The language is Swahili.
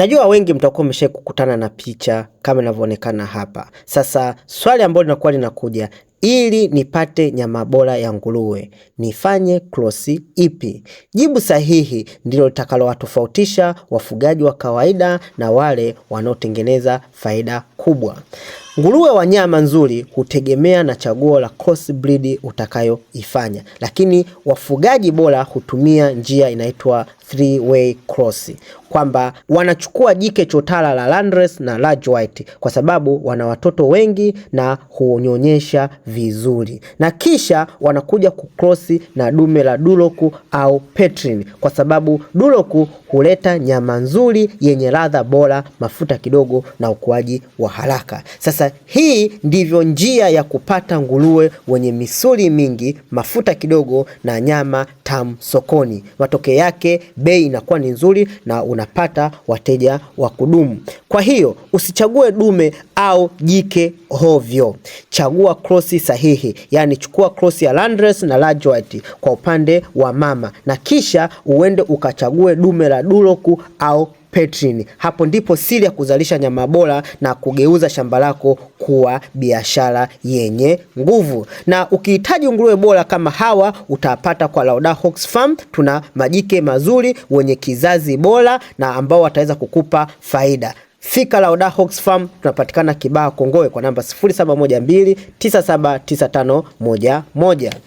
Najua wengi mtakuwa umesha kukutana na picha kama inavyoonekana hapa. Sasa swali ambalo linakuwa linakuja, ili nipate nyama bora ya nguruwe nifanye krosi ipi? Jibu sahihi ndilo litakalowatofautisha wafugaji wa kawaida na wale wanaotengeneza faida kubwa. Nguruwe wa nyama nzuri hutegemea na chaguo la cross breed utakayoifanya, lakini wafugaji bora hutumia njia inaitwa three way cross, kwamba wanachukua jike chotara la Landrace na Large White kwa sababu wana watoto wengi na huonyonyesha vizuri, na kisha wanakuja kukrosi na dume la duroku au Petrin kwa sababu duroku huleta nyama nzuri yenye ladha bora, mafuta kidogo na ukuaji wa haraka. Sasa sasa hii ndivyo njia ya kupata nguruwe wenye misuli mingi, mafuta kidogo na nyama tamu sokoni. Matokeo yake bei inakuwa ni nzuri na unapata wateja wa kudumu. Kwa hiyo usichague dume au jike hovyo, chagua krosi sahihi, yaani chukua krosi ya Landrace na Large White kwa upande wa mama na kisha uende ukachague dume la duroku au Petrini. Hapo ndipo siri ya kuzalisha nyama bora na kugeuza shamba lako kuwa biashara yenye nguvu. Na ukihitaji nguruwe bora kama hawa utapata kwa Lauda Hawks Farm. Tuna majike mazuri wenye kizazi bora na ambao wataweza kukupa faida. Fika Lauda Hawks Farm, tunapatikana Kibaha Kongowe kwa namba 0712979511.